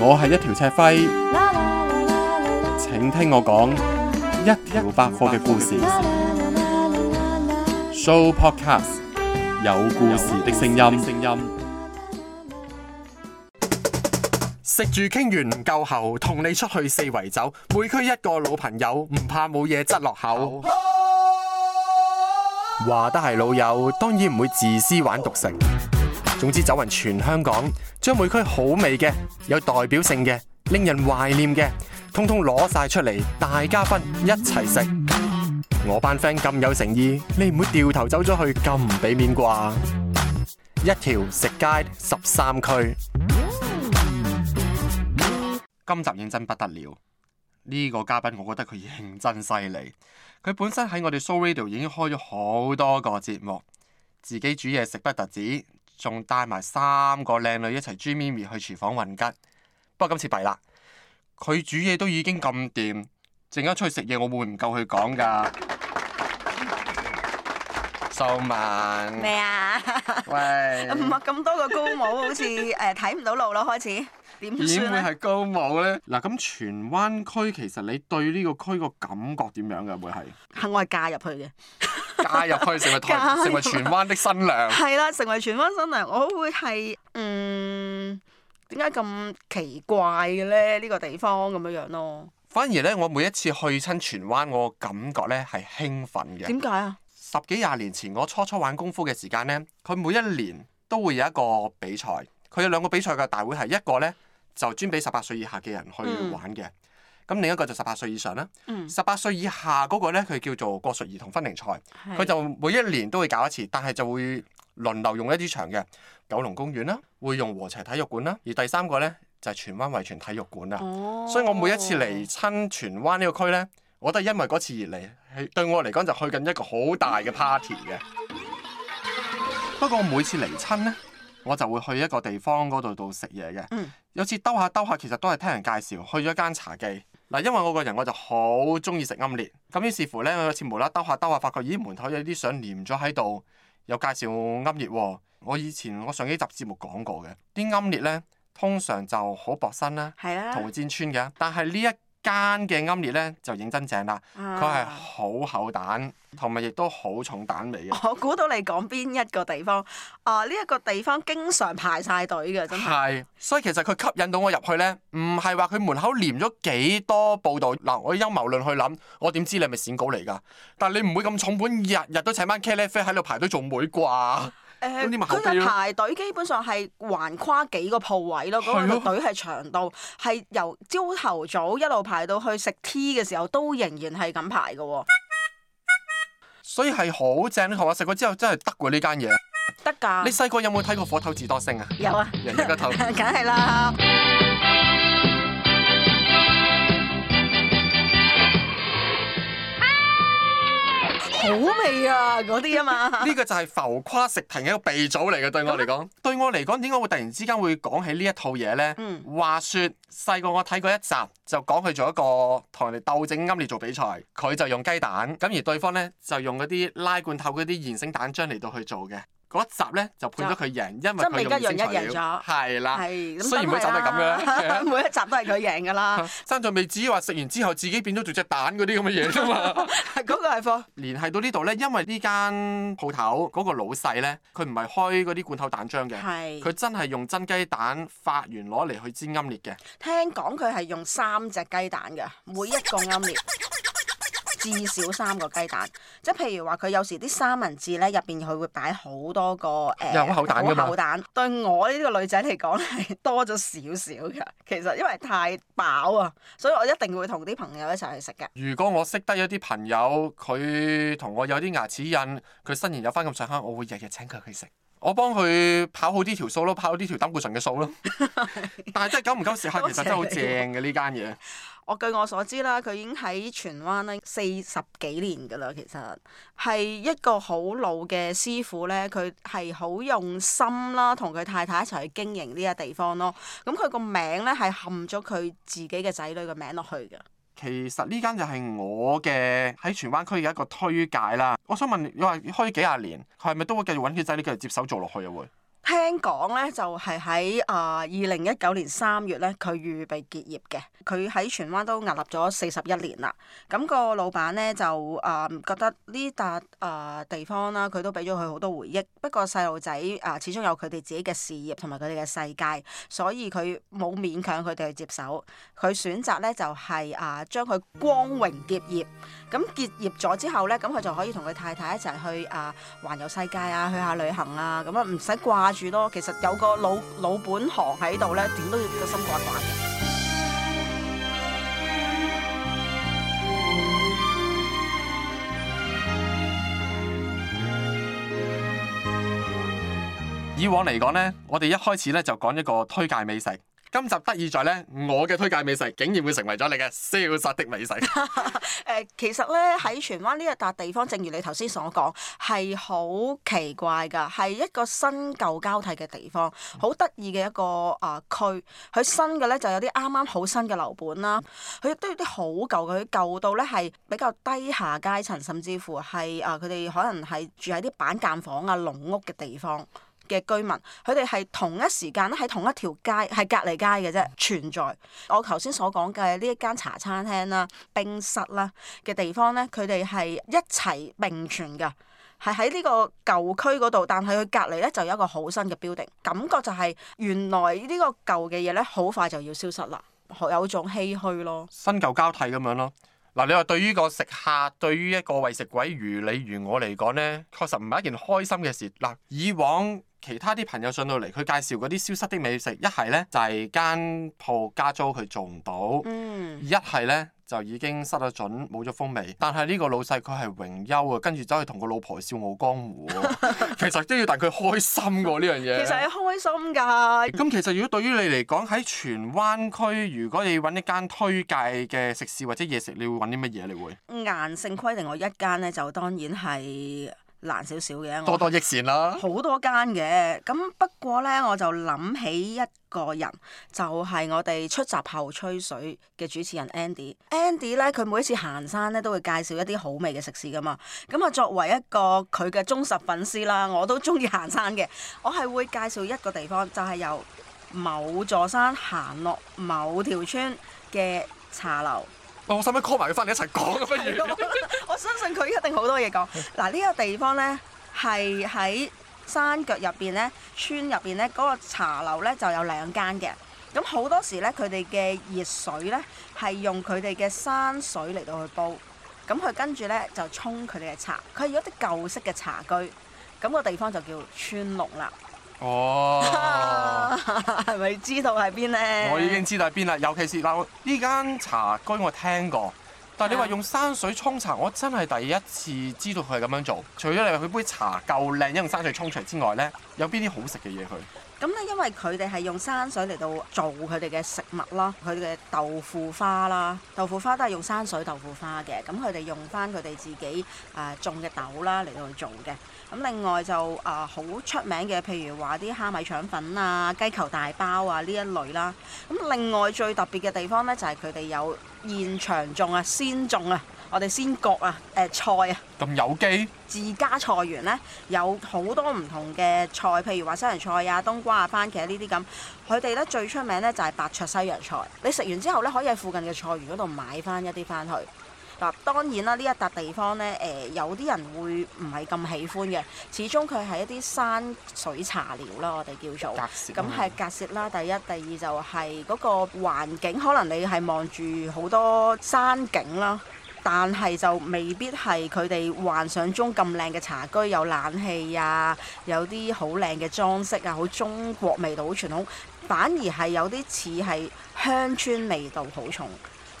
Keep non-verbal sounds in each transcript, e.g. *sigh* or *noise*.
我係一條赤輝，請聽我講一條百貨嘅故事。故事 show podcast 有故事的聲音。食住傾完唔夠喉，同你出去四圍走，每區一個老朋友，唔怕冇嘢執落口。話得係老友，當然唔會自私玩獨食。總之走勻全香港，將每區好味嘅、有代表性嘅、令人懷念嘅，通通攞晒出嚟，大家分一齊食。我班 friend 咁有誠意，你唔會掉頭走咗去咁唔俾面啩？一條食街十三區，今集認真不得了。呢個嘉賓我覺得佢認真犀利，佢本身喺我哋 So Radio 已經開咗好多個節目，自己煮嘢食不特止，仲帶埋三個靚女一齊煮咪咪去廚房混吉，不過今次弊啦，佢煮嘢都已經咁掂，陣間出去食嘢我會唔夠佢講噶。收敏咩啊？喂，唔係咁 *laughs* 多個高帽，好似誒睇唔到路咯，開始點算咧？點會係高帽咧？嗱，咁荃灣區其實你對呢個區個感覺點樣噶？會係？吓，我係嫁入去嘅。加入去成為台，成為荃灣的新娘。係啦、 *laughs* 啊，成為荃灣新娘，我會係嗯點解咁奇怪嘅咧？呢、呢個地方咁樣樣咯。反而咧，我每一次去親荃灣，我感覺咧係興奮嘅。點解啊？十幾廿年前我初初玩功夫嘅時間咧，佢每一年都會有一個比賽。佢有兩個比賽嘅大會，係一個咧就專俾十八歲以下嘅人去玩嘅。嗯咁另一個就十八歲以上啦，十八、嗯、歲以下嗰個咧，佢叫做國術兒童分齡賽，佢的就每一年都會搞一次，但係就會輪流用一啲場嘅，九龍公園啦，會用和諧體育館啦，而第三個呢，就係、是、荃灣遺傳體育館啦。哦、所以我每一次嚟親荃灣呢個區呢，我都係因為嗰次而嚟，係對我嚟講就去緊一個好大嘅 party 嘅。嗯、不過每次嚟親呢，我就會去一個地方嗰度度食嘢嘅。嗯、有次兜下兜下，其實都係聽人介紹去咗間茶記。嗱，因為我個人我就好中意食奄列，咁於是乎咧，我有次無啦啦兜下兜下，發覺咦，門口有啲相黏咗喺度，有介紹奄列喎。我以前我上幾集節目講過嘅，啲奄列咧通常就好薄身啦，淘煎穿嘅，但係呢一間嘅奄列咧就認真正啦，佢係好厚蛋，同埋亦都好重蛋味嘅。我估到你講邊一個地方？啊，呢一個地方經常排晒隊嘅。真係。係，所以其實佢吸引到我入去咧，唔係話佢門口黏咗幾多報道。嗱，我陰謀論去諗，我點知你係咪剪稿嚟噶？但係你唔會咁重本，日日都請班茄喱啡喺度排隊做妹啩？誒，佢嘅，嗯、排隊基本上係橫跨幾個鋪位咯，嗰的個隊係長到係由朝頭早一路排到去食 T 嘅時候，都仍然係咁排嘅喎。所以係好正，同我食過之後真係得喎，呢間嘢。得㗎，的你細個有冇睇過《火頭自多星》啊？有啊。人哋個頭。梗係啦。好味啊！嗰啲啊嘛，呢 *laughs* 個就係浮誇食停嘅一個鼻祖嚟嘅，對我嚟講。對我嚟講，點解會突然之間會講起呢一套嘢呢？嗯、話説細個我睇過一集，就講佢做一個同人哋鬥整奄列做比賽，佢就用雞蛋，咁而對方呢，就用嗰啲拉罐頭嗰啲現成蛋漿嚟到去做嘅。嗰一集咧就判咗佢贏，因為佢咁一采咗係啦，啦嗯、雖然會走得咁樣， *laughs* 每一集都係佢贏噶啦。生菜 *laughs* 未至於話食完之後自己變咗做隻蛋嗰啲咁嘅嘢啫嘛。嗰 *laughs* *laughs* 個係貨。聯繫到呢度咧，因為呢間鋪頭嗰個老細咧，佢唔係開嗰啲罐頭蛋漿嘅，佢是真係用真雞蛋發完攞嚟去煎奄列嘅。聽講佢係用三隻雞蛋嘅，每一個奄列。至少三個雞蛋，即係譬如話佢有時啲三文治呢，入邊佢會擺好多個誒，呃、有口蛋㗎嘛，對我呢個女仔嚟講係多咗少少㗎。其實因為太飽啊，所以我一定會同啲朋友一齊去食嘅。如果我識得一啲朋友，佢同我有啲牙齒印，佢身型有翻咁上下，我會日日請佢去食。我幫佢跑好呢條數咯，跑好呢條膽固醇嘅數咯。 *laughs* *laughs* 但係真係久唔久時刻，其實真係好正嘅呢間嘢。我據我所知啦，佢已經喺荃灣咧四十幾年㗎啦，其實係一個好老嘅師傅咧，佢係好用心啦，同佢太太一齊去經營呢個地方咯。咁佢個名咧係含咗佢自己嘅仔女嘅名落去㗎。其實呢間就係我嘅喺荃灣區嘅一個推介啦。我想問，你話開幾廿年，佢係咪都會繼續揾佢仔女繼續接手做落去啊？會？聽講咧，就係喺啊二零一九年三月咧，佢預備結業嘅。佢喺荃灣都屹立咗四十一年啦。咁個老闆咧就啊覺得呢笪啊地方啦，佢都俾咗佢好多回憶。不過細路仔啊，始終有佢哋自己嘅事業同埋佢哋嘅世界，所以佢冇勉強佢哋去接手。佢選擇咧就係啊將佢光榮結業。咁結業咗之後咧，咁佢就可以同佢太太一齊去啊環遊世界啊，去下旅行啊，咁啊唔使掛住住咯，其實有個老老本行喺度呢，點都要個心掛掛嘅。以往嚟講呢，我哋一開始呢就講一個推介美食。今集得意在咧，我嘅推介美食竟然會成為咗你嘅消失的美食。 *laughs* 其實咧喺荃灣呢一笪地方，正如你頭先所講，係好奇怪㗎，係一個新舊交替嘅地方，好得意嘅一個啊、呃、區。佢新嘅咧就有啲啱啱好新嘅樓盤啦，佢亦都有啲好舊嘅，佢舊到咧係比較低下階層，甚至乎係啊佢哋可能係住喺啲板間房啊、籠屋嘅地方。嘅居民，佢哋係同一時間咧喺同一條街，係隔離街嘅啫存在。我頭先所講嘅呢一間茶餐廳啦、冰室啦嘅地方呢，佢哋係一齊並存嘅，係喺呢個舊區嗰度。但係佢隔離呢，就有一個好新嘅 building，感覺就係原來呢個舊嘅嘢呢，好快就要消失啦，有一種唏噓咯。新舊交替咁樣咯。嗱，你話對於個食客，對於一個為食鬼如你如我嚟講呢，確實唔係一件開心嘅事。嗱，以往。其他啲朋友上到嚟，佢介紹嗰啲消失的美食，一係呢就係間鋪加租佢做唔到，一係、嗯、呢就已經失咗準，冇咗風味。但係呢個老細佢係榮休啊，跟住走去同個老婆笑傲江湖。 *laughs* 其實都要但佢開心喎呢樣嘢。這個、其實係開心㗎。咁 *laughs* 其實如果對於你嚟講喺荃灣區，如果你揾一間推介嘅食肆或者嘢食，你會揾啲乜嘢？你會硬性規定我一間呢，就當然係。難少少嘅，多多益善啦，好多間嘅。咁不過呢，我就諗起一個人，就係、是、我哋出閘後吹水嘅主持人 Andy。Andy 呢，佢每一次行山咧，都會介紹一啲好味嘅食肆噶嘛。咁啊，作為一個佢嘅忠實粉絲啦，我都中意行山嘅。我係會介紹一個地方，就係、是、由某座山行落某條村嘅茶樓。我使唔使 call 埋佢翻嚟一齊講啊？不如，我相信佢一定好多嘢講。嗱，呢個地方咧係喺山腳入邊咧，村入邊咧嗰個茶樓咧就有兩間嘅。咁好多時咧，佢哋嘅熱水咧係用佢哋嘅山水嚟到去煲。咁佢跟住咧就沖佢哋嘅茶。佢係一啲舊式嘅茶居。咁、那個地方就叫川龍啦。哦，係咪知道喺邊咧？我已經知道喺邊啦。尤其是嗱，呢間茶居我聽過，但係你話用山水沖茶，我真係第一次知道佢係咁樣做。除咗你話佢杯茶夠靚，因為用山水沖出嚟之外咧，有邊啲好食嘅嘢佢？咁咧，因為佢哋係用山水嚟到做佢哋嘅食物啦，佢哋嘅豆腐花啦，豆腐花都係用山水豆腐花嘅。咁佢哋用翻佢哋自己誒種嘅豆啦嚟到去做嘅。咁另外就啊好出名嘅，譬如話啲蝦米腸粉啊、雞球大包啊呢一類啦。咁另外最特別嘅地方呢，就係佢哋有現場種啊、先種啊。我哋先割啊！誒、呃、菜啊，咁有機自家菜園呢，有好多唔同嘅菜，譬如話西洋菜啊、冬瓜啊、番茄、啊、這這呢啲咁。佢哋咧最出名呢就係白灼西洋菜。你食完之後呢，可以喺附近嘅菜園嗰度買翻一啲翻去嗱、啊。當然啦，呢一笪地方呢，誒、呃，有啲人會唔係咁喜歡嘅，始終佢係一啲山水茶寮啦，我哋叫做咁係隔涉、啊、啦。第一、第二就係嗰個環境，可能你係望住好多山景啦。但係就未必係佢哋幻想中咁靚嘅茶居，有冷氣啊，有啲好靚嘅裝飾啊，好中國味道，好傳統，反而係有啲似係鄉村味道好重。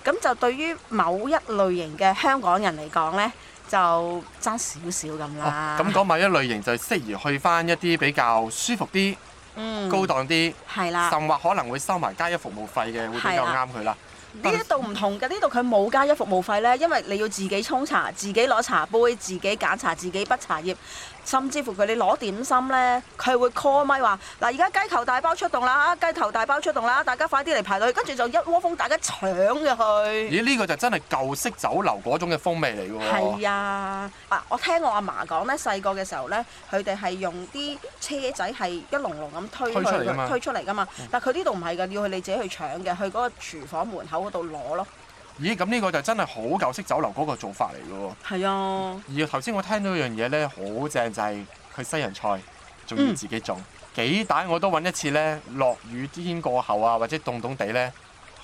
咁就對於某一類型嘅香港人嚟講呢，就差少少咁啦。咁講、哦那個、某一類型就適宜去翻一啲比較舒服啲、嗯、高檔啲，係啦，甚或可能會收埋加一服務費嘅，會比較啱佢啦。呢一度唔同嘅，呢度佢冇加一服務費呢，因為你要自己沖茶、自己攞茶杯、自己揀茶、自己揀茶葉，甚至乎佢你攞點心呢，佢會 call 咪話：嗱，而家雞球大包出動啦！啊，雞球大包出動啦！大家快啲嚟排隊，跟住就一窩蜂大家搶嘅去。咦？呢、呢個就真係舊式酒樓嗰種嘅風味嚟㗎喎。係啊！這個、啊，我聽我阿嫲講呢，細個嘅時候呢，佢哋係用啲車仔係一籠籠咁推推出嚟㗎嘛。但佢呢度唔係㗎，要去你自己去搶嘅，去嗰個廚房門口。度攞咯，咦？咁呢個就真係好舊式酒樓嗰個做法嚟嘅喎。係啊、嗯。而頭先我聽到一樣嘢咧，好正就係、是、佢西洋菜仲要自己種，幾大，我都搵一次咧。落雨天過後啊，或者凍凍地咧。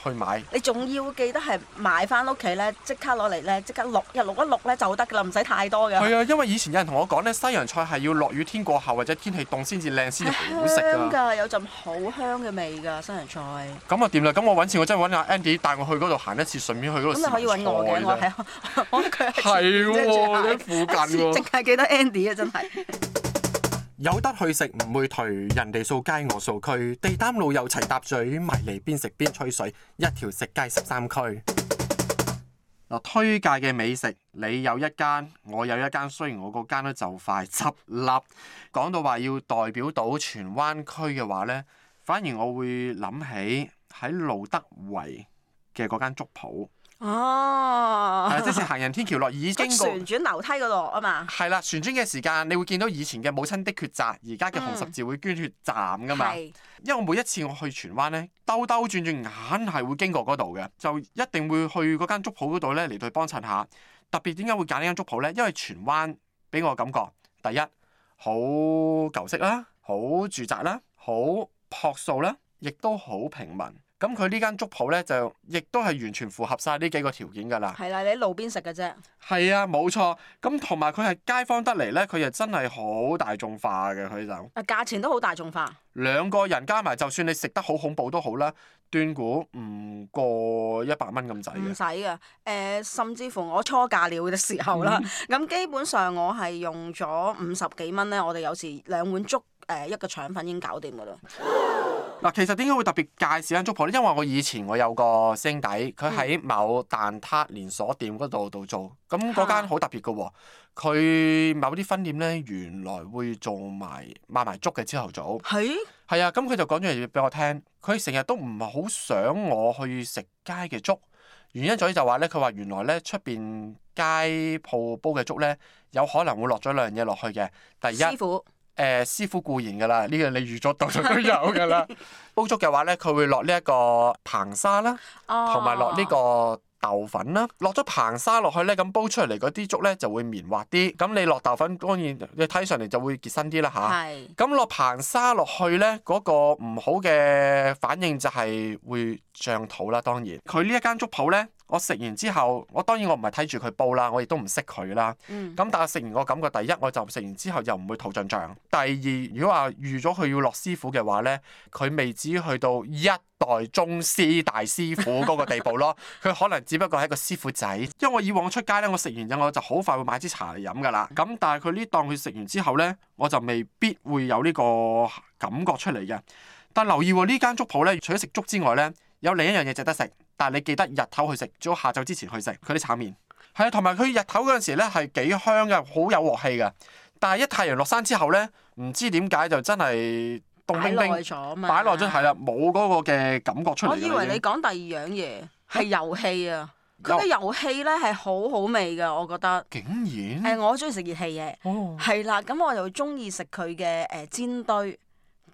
去買，你仲要記得係買翻屋企咧，即刻攞嚟咧，即刻落一落一落咧就得噶啦，唔使太多嘅。係啊，因為以前有人同我講咧，西洋菜係要落雨天過後或者天氣凍先至靚，先至好食㗎。有陣好香嘅味㗎西洋菜。咁啊，掂啦？咁我揾錢，我真係揾阿 Andy 帶我去嗰度行一次，順便去嗰度。咁就可以揾我嘅，我係啊，我覺得佢係。係喎、 *laughs* 啊，喺附近喎、啊。淨係 *laughs* 記得 Andy 啊，真係。有得去食唔會退，人哋掃街我掃區，地攤路又齊搭嘴，迷嚟邊食邊吹水，一條食街十三區。推介嘅美食，你有一間，我有一間，雖然我嗰間咧就快執笠。講到話要代表到荃灣區嘅話呢，反而我會諗起喺路德圍嘅嗰間粥鋪。哦，啊、即係行人天橋落已經過旋、啊、轉樓梯嗰度啊嘛，係啦，旋轉嘅時間你會見到以前嘅母親的抉擇，而家嘅紅十字會捐血站噶嘛，嗯、因為我每一次我去荃灣呢，兜兜轉轉眼係會經過嗰度嘅，就一定會去嗰間粥鋪嗰度呢，嚟到幫襯下。特別點解會揀呢間粥鋪呢？因為荃灣俾我感覺，第一好舊式啦，好住宅啦，好樸素啦，亦都好平民。咁佢呢間粥鋪咧就亦都係完全符合晒呢幾個條件㗎啦。係啦，你喺路邊食嘅啫。係啊，冇錯。咁同埋佢係街坊得嚟咧，佢又真係好大眾化嘅，佢就。啊，價錢都好大眾化。兩個人加埋，就算你食得好恐怖都好啦，斷估唔過一百蚊咁滯嘅。唔使㗎，誒、呃，甚至乎我初價料嘅時候啦，咁 *laughs* 基本上我係用咗五十幾蚊咧，我哋有時兩碗粥。誒一個腸粉已經搞掂嘅啦。嗱，其實點解會特別介紹間粥鋪咧？因為我以前我有個星弟，佢喺某蛋撻連鎖店嗰度度做。咁嗰間好特別嘅喎、哦，佢、啊、某啲分店呢，原來會做埋賣埋粥嘅朝頭早。係是。係啊，咁佢就講咗嘢俾我聽。佢成日都唔係好想我去食街嘅粥，原因在於就話呢，佢話原來呢，出邊街鋪煲嘅粥呢，有可能會落咗兩樣嘢落去嘅。第一。誒、呃、師傅固然嘅、這個、 *laughs* 啦，呢樣你預咗到就都有嘅啦。煲粥嘅話呢，佢會落呢一個硼砂啦，同埋落呢個豆粉啦。落咗硼砂落去呢，咁煲出嚟嗰啲粥呢就會綿滑啲。咁你落豆粉當然，你睇上嚟就會結身啲啦嚇。咁落硼砂落去呢，嗰、那個唔好嘅反應就係會脹肚啦。當然，佢呢一間粥鋪呢。我食完之後，我當然我唔係睇住佢煲啦，我亦都唔識佢啦。咁、嗯、但係食完我感覺，第一我就食完之後又唔會肚漲漲。第二，如果話預咗佢要落師傅嘅話呢，佢未至於去到一代宗師大師傅嗰個地步咯。佢 *laughs* 可能只不過係一個師傅仔。因為我以往我出街呢，我食完之後我就好快會買支茶嚟飲噶啦。咁但係佢呢檔佢食完之後呢，我就未必會有呢個感覺出嚟嘅。但留意喎、哦，呢間粥鋪呢，除咗食粥之外呢，有另一樣嘢值得食，但係你記得日頭去食，最好下晝之前去食佢啲炒麵。係啊，同埋佢日頭嗰陣時咧係幾香嘅，好有鑊氣嘅。但係一太陽落山之後呢，唔知點解就真係凍冰冰咗嘛。擺耐咗係啦，冇嗰個嘅感覺出嚟。我以為你講第二樣嘢係油器啊，佢嘅油器呢係好好味㗎，我覺得。竟然？誒、呃，我中意食熱氣嘢，係啦、哦，咁我就中意食佢嘅誒煎堆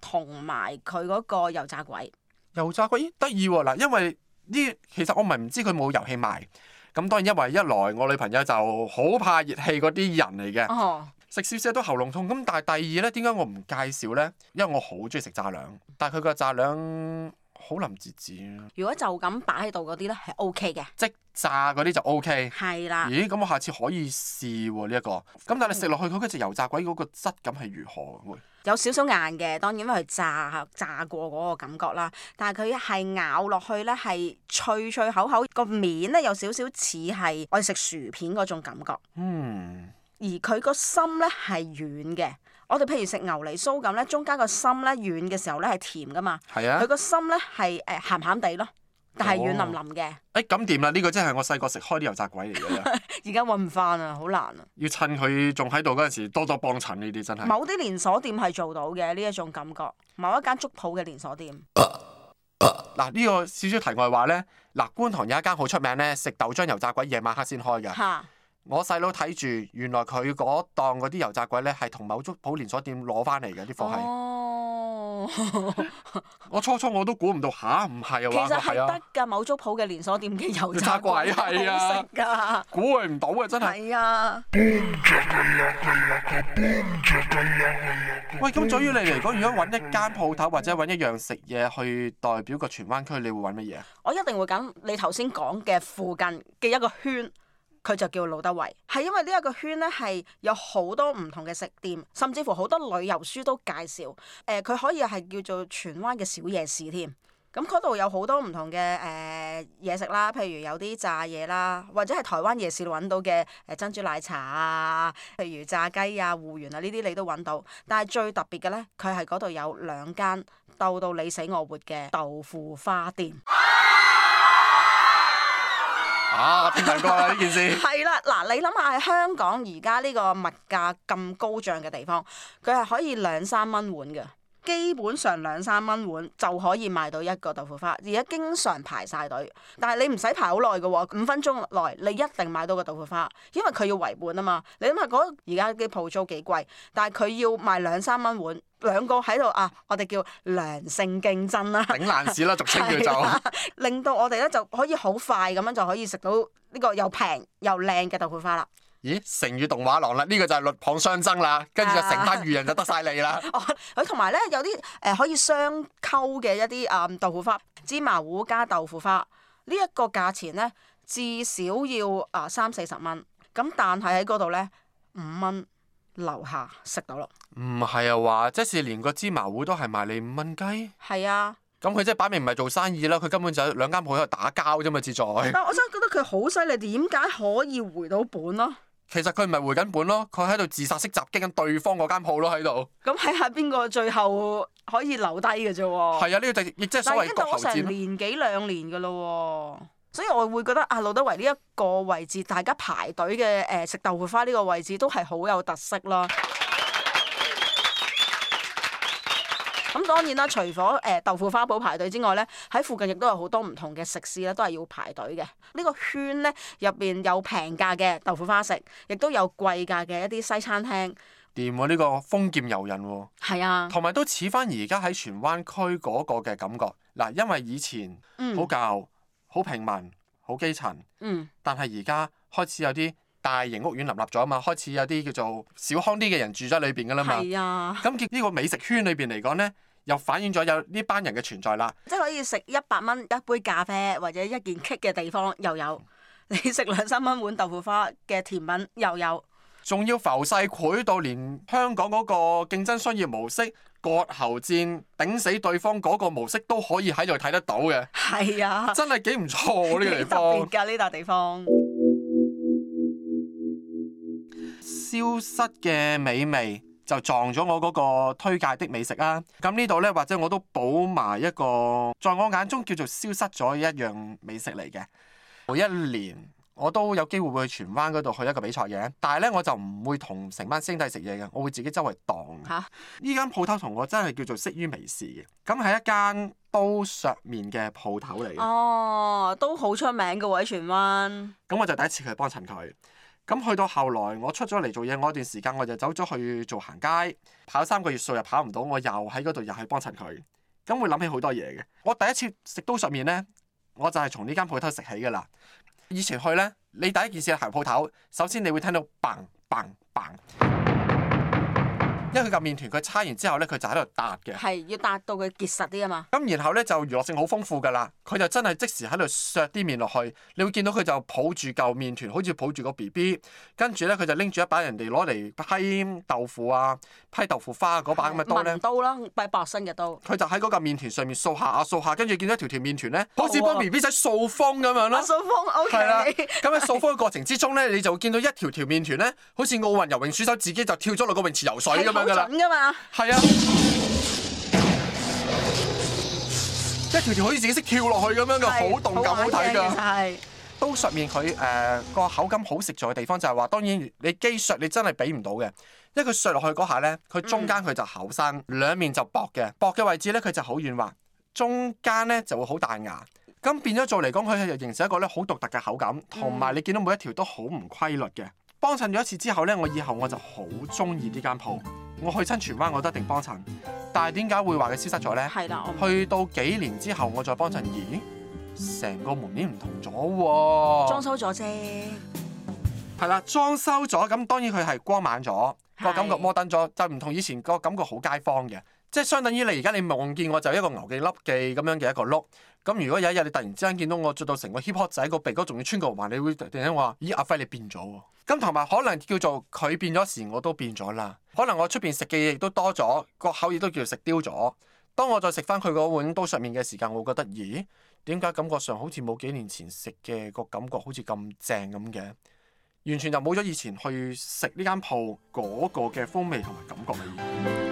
同埋佢嗰個油炸鬼。油炸鬼，咦得意喎、啊、嗱，因為呢其實我咪唔知佢冇油器賣，咁當然因為一來我女朋友就好怕熱氣嗰啲人嚟嘅，食少少都喉嚨痛。咁但係第二呢，點解我唔介紹呢？因為我好中意食炸兩，但係佢個炸兩。好難節制啊！如果就咁擺喺度嗰啲咧，係 O K 嘅。即炸嗰啲就 OK。係啦。咦？咁我下次可以試喎呢一個。咁但係食落去佢隻油炸鬼嗰個質感係如何會？有少少硬嘅，當然因為佢炸炸過嗰個感覺啦。但係佢係咬落去咧係脆脆口口，個面咧有少少似係我哋食薯片嗰種感覺。嗯。而佢個心咧係軟嘅。我哋譬如食牛脷酥咁咧，中間個心咧軟嘅時候咧係甜噶嘛，佢個、啊、心咧係誒鹹鹹地咯，但係軟腍腍嘅。誒咁掂啦，呢、欸這個真係我細個食開啲油炸鬼嚟嘅，而家揾唔返啊，好難啊！要趁佢仲喺度嗰陣時多多幫襯呢啲真係。某啲連鎖店係做到嘅呢一種感覺，某一間粥鋪嘅連鎖店。嗱呢、 *laughs* 啊這個少少題外話咧，嗱、啊、觀塘有一間好出名咧，食豆漿油炸鬼，夜晚黑先開嘅。我細佬睇住，原來佢嗰檔嗰啲油炸鬼咧，係同某粥鋪連鎖店攞翻嚟嘅啲貨係。哦、 *laughs* 我初初我都估唔到吓，唔係啊。其實係得㗎，某粥鋪嘅連鎖店嘅油炸鬼係啊，食㗎的。估唔到啊，真係。係啊的。喂、嗯，咁對於你嚟講，如果揾一間鋪頭或者揾一樣食嘢去代表個荃灣區，你會揾乜嘢啊？我一定會揀你頭先講嘅附近嘅一個圈。佢就叫路德圍，係因為呢一個圈咧，係有好多唔同嘅食店，甚至乎好多旅遊書都介紹。誒、呃，佢可以係叫做荃灣嘅小夜市添。咁嗰度有好多唔同嘅誒嘢食啦，譬如有啲炸嘢啦，或者係台灣夜市揾到嘅誒、呃、珍珠奶茶啊，譬如炸雞啊、芋圓啊呢啲你都揾到。但係最特別嘅咧，佢係嗰度有兩間鬥到你死我活嘅豆腐花店。啊！邊個啊？呢件事係啦，嗱， *laughs* 你諗下喺香港而家呢個物價咁高漲嘅地方，佢係可以兩三蚊碗嘅，基本上兩三蚊碗就可以賣到買到一個豆腐花，而家經常排晒隊，但係你唔使排好耐嘅喎，五分鐘內你一定買到個豆腐花，因為佢要圍本啊嘛。你諗下嗰而家啲鋪租幾貴，但係佢要賣兩三蚊碗。兩個喺度啊！我哋叫良性競爭啦，頂爛市啦，俗稱叫做。 *laughs* 令到我哋咧就可以好快咁樣就可以食到呢個又平又靚嘅豆腐花啦。咦？成語動畫廊啦，呢個就係鷸蚌相爭啦。跟住就「成班漁人就得晒利啦。佢同埋咧有啲誒可以雙溝嘅一啲啊豆腐花、芝麻糊加豆腐花呢一個價錢咧至少要啊三四十蚊咁，但係喺嗰度咧五蚊。樓下食到咯，唔係啊話，即是連個芝麻糊都係賣你五蚊雞，係啊，咁佢即係擺明唔係做生意啦，佢根本就兩間鋪喺度打交啫嘛，自在。但係我真覺得佢好犀利，點解可以回到本咯？其實佢唔係回緊本咯，佢喺度自殺式襲擊緊對方嗰間鋪咯喺度。咁睇下邊個最後可以留低嘅啫。係啊，呢、這個亦亦即係所謂國成年幾兩年噶咯。所以我會覺得啊，路德圍呢一個位置，大家排隊嘅誒食豆腐花呢個位置都係好有特色囉。咁、嗯、當然啦，除咗誒、呃、豆腐花鋪排隊之外呢喺附近亦都有好多唔同嘅食肆咧，都係要排隊嘅。呢、這個圈呢入邊有平價嘅豆腐花食，亦都有貴價嘅一啲西餐廳。掂喎，呢個豐儉由人喎。係啊。同、這、埋、個啊啊、都似翻而家喺荃灣區嗰個嘅感覺嗱，因為以前好舊。嗯好平民、好基層，但係而家開始有啲大型屋苑林立咗啊嘛，開始有啲叫做小康啲嘅人住咗裏邊噶啦嘛。係啊，咁結呢個美食圈裏邊嚟講呢，又反映咗有呢班人嘅存在啦。即係可以食一百蚊一杯咖啡或者一件 cake 嘅地方又有，你食兩三蚊碗豆腐花嘅甜品又有，仲要浮世攰到連香港嗰個競爭商業模式。割喉戰頂死對方嗰個模式都可以喺度睇得到嘅，係啊，真係幾唔錯呢，這個地方。特別噶呢笪地方。消失嘅美味就撞咗我嗰個推介的美食啦。咁呢度呢，或者我都補埋一個，在我眼中叫做消失咗一樣美食嚟嘅，每一年。我都有機會會去荃灣嗰度去一個比賽嘅，但係呢，我就唔會同成班師兄弟食嘢嘅，我會自己周圍蕩。呢依、啊、間鋪頭同我真係叫做識於微視嘅，咁係一間刀削麵嘅鋪頭嚟嘅。哦，都好出名嘅喎，喺荃灣。咁我就第一次去幫襯佢。咁去到後來，我出咗嚟做嘢，我一段時間我就走咗去做行街，跑三個月數又跑唔到，我又喺嗰度又去幫襯佢。咁會諗起好多嘢嘅。我第一次食刀削麵呢，我就係從呢間鋪頭食起㗎啦。以前去呢，你第一件事行鋪頭，首先你會聽到砰砰砰。砰。因為佢嚿麵團佢搓完之後咧，佢就喺度搭嘅。係要揼到佢結實啲啊嘛。咁然後咧就娛樂性好豐富噶啦，佢就真係即時喺度削啲麵落去。你會見到佢就抱住嚿麵團，好似抱住個 B B。跟住咧，佢就拎住一把人哋攞嚟批豆腐啊、批豆腐花嗰、啊、把咁嘅刀咧。文刀啦，擺薄身嘅刀。佢就喺嗰嚿麵團上面掃下啊掃下，跟住見到一條條麵團咧，哦、好似幫 B B 仔掃風咁樣咯、啊。掃風，O K。啦、okay。咁 *laughs* 喺掃風嘅過程之中咧，你就會見到一條條麵團咧，好似奧運游泳選手自己就跳咗落個泳池游水咁樣。噶啦，係啊，一條條可以自己識跳落去咁樣嘅好是動感，好睇噶。刀削麵佢誒個口感好食在嘅地方就係話，當然你機削你真係俾唔到嘅，因為佢削落去嗰下咧，佢中間佢就厚身，兩、嗯、面就薄嘅，薄嘅位置咧佢就好軟滑，中間咧就會好彈牙，咁變咗做嚟講，佢又形成一個咧好獨特嘅口感，同埋你見到每一條都好唔規律嘅，幫襯咗一次之後咧，我以後我就好中意呢間鋪我去親荃灣，我都一定幫襯。但係點解會話佢消失咗呢？去到幾年之後，我再幫襯，咦？成個門面唔同咗喎、嗯，裝修咗啫。係啦，裝修咗，咁當然佢係光猛咗，個感覺摩登咗，就唔同以前個感覺，好街坊嘅。即係相等於你而家你望見我就一個牛嘅粒記咁樣嘅一個碌，咁如果有一日你突然之間見到我做到成個 hip hop 仔，個鼻哥仲要穿個環，你會突然間話：咦，阿輝你變咗喎！咁同埋可能叫做佢變咗時，我都變咗啦。可能我出邊食嘅嘢亦都多咗，個口亦都叫食刁咗。當我再食翻佢嗰碗刀削麵嘅時間，我覺得咦，點解感覺上好似冇幾年前食嘅個感覺好似咁正咁嘅？完全就冇咗以前去食呢間鋪嗰個嘅風味同埋感覺啦，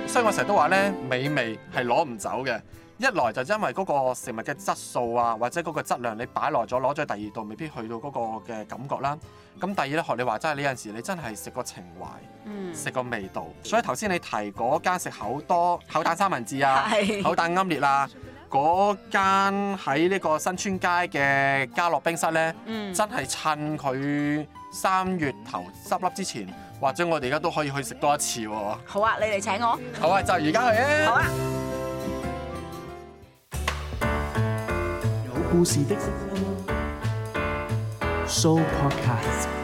所以我成日都話呢，美味係攞唔走嘅。一來就因為嗰個食物嘅質素啊，或者嗰個質量你擺落咗，攞咗第二度未必去到嗰個嘅感覺啦。咁第二咧，學你話齋，呢陣時你真係食個情懷，食個、嗯、味道。所以頭先你提嗰間食好多口蛋三文治啊，是口蛋奄列啦，嗰間喺呢個新村街嘅家樂冰室呢，嗯、真係趁佢。三月頭執笠之前，或者我哋而家都可以去食多一次喎。好啊，你嚟請我。好啊，就而家去啊的。好啊。有故事的聲音 So Podcast。